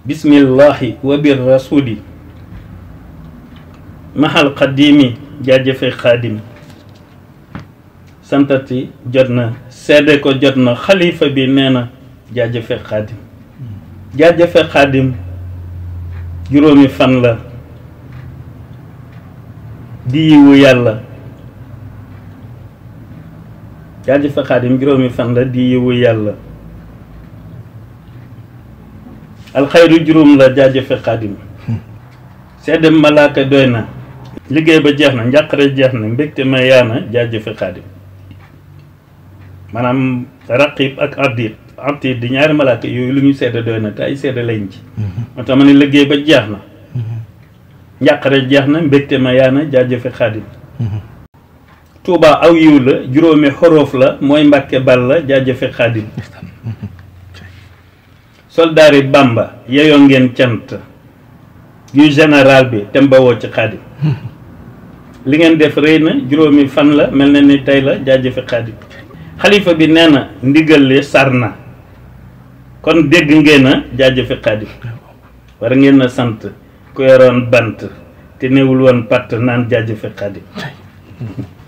بسم الله وبالرسول محل قديمي جاجفي خادم santati jot na seede ko jot na xalifa bi nee na jaajëfe xaadim jaajëfe xaadim juróomi fan la di yiwu yàlla jaajëfe xaadim juróomi fan la di yiwu yàlla alxayru juróom la jaajëfe xaadim seddem malaaka doy na liggéey ba jeex na njàqare jeex na mbégte ma yaana jaajëfe xaadim maanaam raqib ak abdit abdit di ñaari malaaka yooyu lu ñu sedda doy na te ay sedda lañ ci mhm. moo tax ma ne liggéey ba jeex na mhm. njàqare jeex na mbégte ma yaana jaajëfe xaadim mhm. tuubaa aw yiw la juróomi xoroof la mooy mbàkke bal la jaajëfe xaadim soldaari Bamba yeyoo ngeen cant yu général bi te ci xaadim li ngeen def rëy na juróomi fan la mel na ni tey la jaajëfe xaadim xalifa bi nee na ndigal sar na kon dégg ngeen a jaajëfe xaadim war ngeen sant ku yoroon bant te newul woon patt naan jaajëfe xaadim